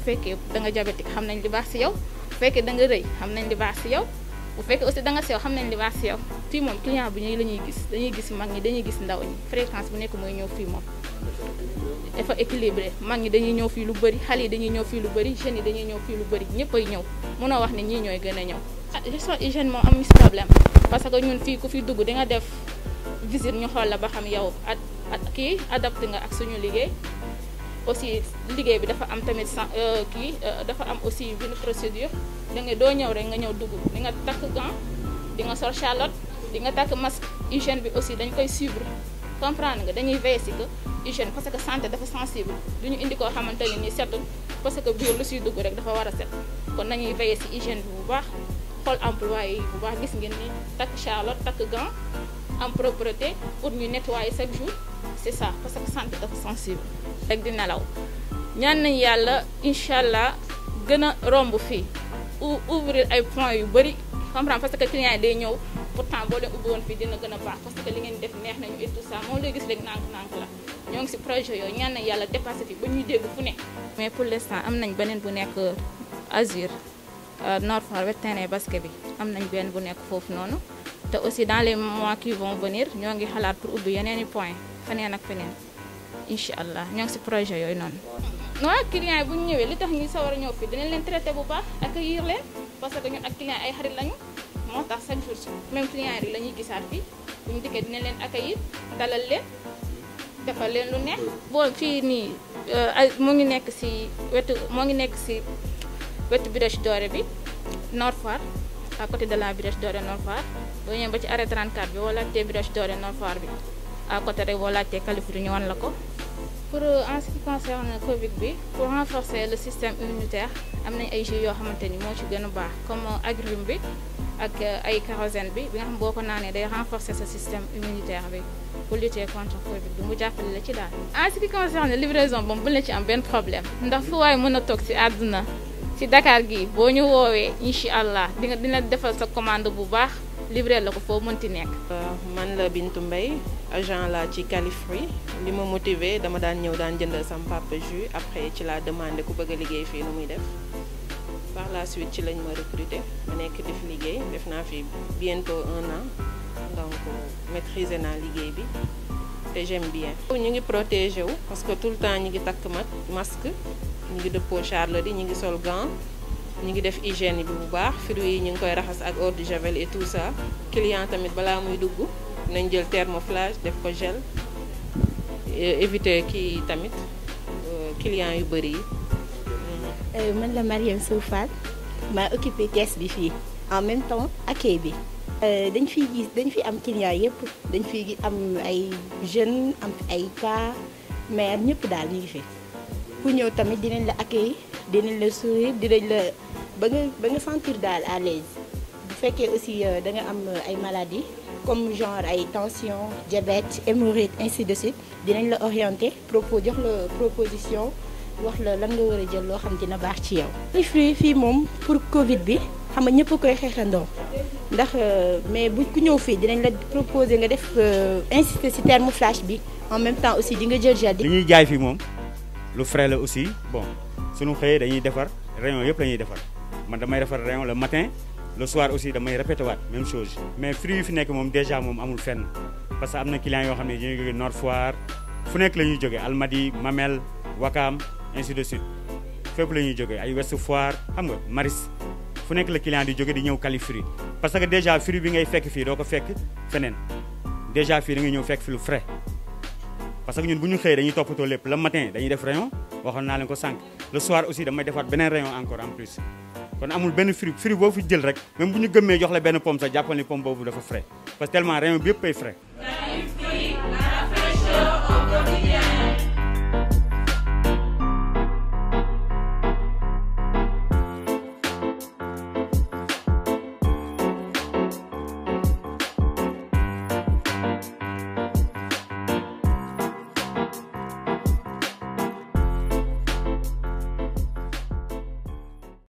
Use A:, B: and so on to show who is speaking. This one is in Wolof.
A: bu fekkee da nga jabeti xam nañ li baax si yow bu fekkee da nga rëy xam nañ li baax si yow bu fekkee aussi da nga sew xam nañ li baax si yow fii moom client bu ñuy la ñuy gis dañuy gis mag ñi dañuy gis ndaw ñi fréquence bu nekk mooy ñëw fii moom dafa équilibré mag ñi dañuy ñëw fii lu bëri xale yi dañuy ñëw fii lu bëri jeunes yi dañuy ñëw fii lu bëri ñëpp ay ñëw mënoo wax ne ñii ñooy gën a ñëw ah hygiène moom amuñu si problème parce que ñun fii ku fi dugg di nga def visite ñu xool la ba xam yow at at kii adapté nga ak suñu liggéey aussi liggéey bi dafa am tamit euh kii euh, dafa am aussi une procédure da nga doo ñëw rek nga ñëw dugg di nga takk gant di nga sor charlotte di nga takk masque hygiène bi aussi dañ koy suivre comprendre nga dañuy veiller si que hygiène parce que santé dafa sensible du ñu indi koo xamante ni nii setul parce que biir lu siy dugg rek dafa war a set kon nañuy veiller si hygiène bi bu baax xool employé yi bu baax gis ngeen ni takk charlotte takk gant am propreté pour ñu nettoyer chaque jour c'est ça parce que santé dafa sensible rek di nelaw ñaan nañ yàlla incha allah gën a romb fii ouvrir ay points yu bari comprendre parce que yi day ñëw pourtant boo leen ubbi woon fii dina gën a baax parce que li ngeen def neex nañu et tout ça moom lay gis léegi nànk-nànk la ñoo ngi si projet yooyu ñaan nañ yàlla dépassé fii ba ñuy dégg fu ne mais pour l'instant am nañ beneen bu nekk asir euh, Nord Foire ba terrain basket bi am nañ benn bu nekk foofu noonu te aussi dans les mois qui venir ñoo ngi xalaat yeneen i points feneen ak feneen inshallah ñang ci projet yoy non no client bu ñëwé li tax ñi sawar a ñëw fii dinañ leen traité bu baax accueillir leen parce que ñun ak client ay xarit lañu moo tax chaque jour même client yi lañuy gissat fi bu ñu dikkee dinañ leen accueillir dalal leen defal leen lu neex. bo fi ni eh, mo ngi nekk ci wetu mo ngi nekk ci wetu Brioche doré bi Nord Foire à côté de la Brioche doré Nord Foire boo ñëwee ba ci arrêt 34 bi wala té Brioche doré Nord Foire bi à côté rek wala té Kalifour ñu wan la ko. pour euh, en ce qui concerne le Covid bi pour renforcer le système immunitaire am nañ ay jus yoo xamante ni moo ci gën a baax comme euh, agrume bi ak euh, ay kérosène bi bi nga xam boo ko naanee day renforcer sa système immunitaire bi pour lutter contre Covid bi mu jàppale la ci daal. en ce qui concerne livraison bon bu la ci am benn problème ndax fu waaye mën a toog si àdduna si Dakar gii boo ñu woowee incha allah dina dina defal sa commande bu baax livré la ko foo mënti euh, man la Bintou Mbaye agent la ci Califri
B: li ma motivé dama daan ñëw daan jëndal sam papa jus après ci la demandé ku bëgg liggéey fi nu muy def par la suite ci lañ ma recruté ma nek def liggéey def na fi bientôt un an donc euh, maîtriser na liggéey bi Et j'aime bien. ñu ngi protégé wu parce que tout le temps ñu ngi tak mat masque ñu ngi dëppoo charles di ñu ngi sol gant ñu ngi def hygiène bi bu baax fruits yi ñu ngi koy raxas ak eau de javel et tout ça client tamit balaa muy dugg nañ jël thermoflage def ko gel euh, éviter kii tamit euh, client yu bëri yi.
C: Euh, man la Mariam Soufal ma occupé caisse bi fii en même temps accueil bi. dañ fiy gis dañ fi am client yépp dañ fiy am ay jeunes am ay cas mais ñëpp daal ñu ngi fi ku ñëw tamit dinañ la accueil dinañ la sourire dinañ la ba nga ba nga sentir daal à l'aise bu fekkee aussi euh, da nga am euh, ay maladies comme genre ay tension diabète hémorroïde ainsi de suite dinañ la orienter propos jox la proposition wax la lan nga war a jël loo xam dina baax ci yow. ay fruits fii moom pour Covid bi xam nga ñëpp koy xeexandoo ndax euh, mais bu ku ñëw fii dinañ la proposer nga def insister ci flash bi en même temps aussi di nga jël gel.
D: li ñuy jaay fii moom lu frais la aussi bon sunu xëyee dañuy defar rayon yëpp la ñuy defar man damay defar rayon le matin le soir aussi damay répéter waat même chose mais fruit fi nek mom déjà mom amul fenn parce que amna client yo xamné xam ne Nord Foire fu nek lañuy ñuy jógee Almadies Mamel wakam, ainsi de suite fépp la ñuy ay west Foire xam nga Maris fu nek le client di jóge di ñëw kali fruit parce que déjà fruit bi ngay fekk fi do ko fekk fenen déjà fii da ngay ñëw fekk fi lu frais parce que ñun buñu xey xëyee dañuy toppatoo lépp le matin dañuy def rayon waxoon na leen ko sank le soir aussi damay defaat benen rayon encore en plus kon amul benn fruit fruit boo fi jël rek même bu ñu gëmmee jox la benn pomme sax jàppal ni pomme boobu dafa frais parce tellement rayon bi yëpp ay frais.